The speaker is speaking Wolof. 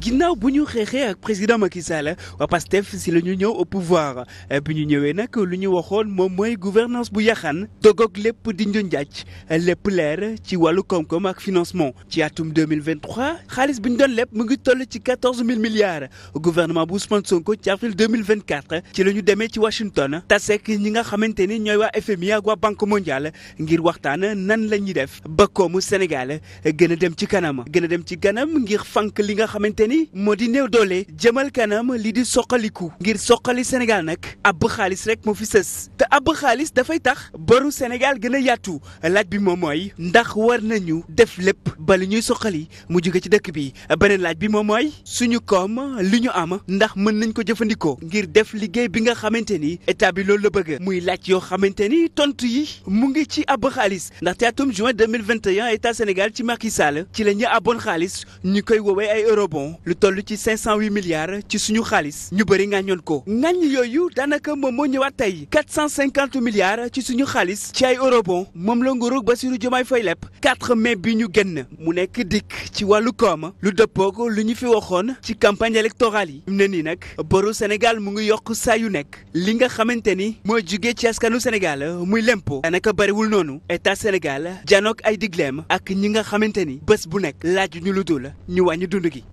ginnaaw bu ñu xeexee ak président Macky Sall waa PASTEF si la ñu ñëw au pouvoir eh, bi ñu ñëwee nag ñu waxoon moom mooy gouvernance bu yaxan dogoog lépp di njàcc lépp leer ci wàllu koom-koom ak financement ci atum 2023 xaalis bi ñu doon lépp mu ngi toll ci 14 000 milliards gouvernement bu Ousmane Sonko ci avril 2024 ci la ñu demee ci Washington taseek ñi nga xamante ni ñooy waa FMI ak a Banque mondiale ngir waxtaan nan la ñuy def ba koomu Sénégal gën a dem ci kanam gën a dem ci kanam ngir ni moo di néew doole jëmal kanam li di soqaliku ngir soqali Sénégal nag ab xaalis rek moo fi sës te ab xaalis dafay tax baru Sénégal gën a yaatu laaj bi moom mooy ndax war nañu def lépp ba li ñuy soqali mu jóge ci dëkk bi beneen laaj bi moom mooy suñu koom li ñu am ndax mën nañ ko jëfandikoo ngir def liggéey bi nga xamante ni état bi loolu la bëgg muy laaj yoo xamante ni tontu yi mu ngi ci ab xaalis ndax ndaxte atum juin 2021 état Sénégal ci Macky Sall ci la ñu aboon xaalis ñu koy woowee ay eurobond lu toll ci 508 milliards ci suñu xaalis ñu bëri ŋàññoon ko ŋàññ yooyu daanaka moom moo ñëwaat tey 450 milliards ci suñu xaalis ci ay eurobond moom la nguurug Bassirou Diomaye Faye lepp 4 mai bi ñu génn mu nekk dikk ci wàllu koom lu dëppoog lu ñu fi waxoon ci campagne électorale yi ne nii nag boru Sénégal mu ngi yokk saa yu nekk li nga xamante ni moo jugee ci askanu Sénégal muy lempo daanaka bëriwul noonu état Sénégal janook ay digleem ak ñi nga xamante ni bés bu nekk laaj ñu lu dul ñu wàññi dund gi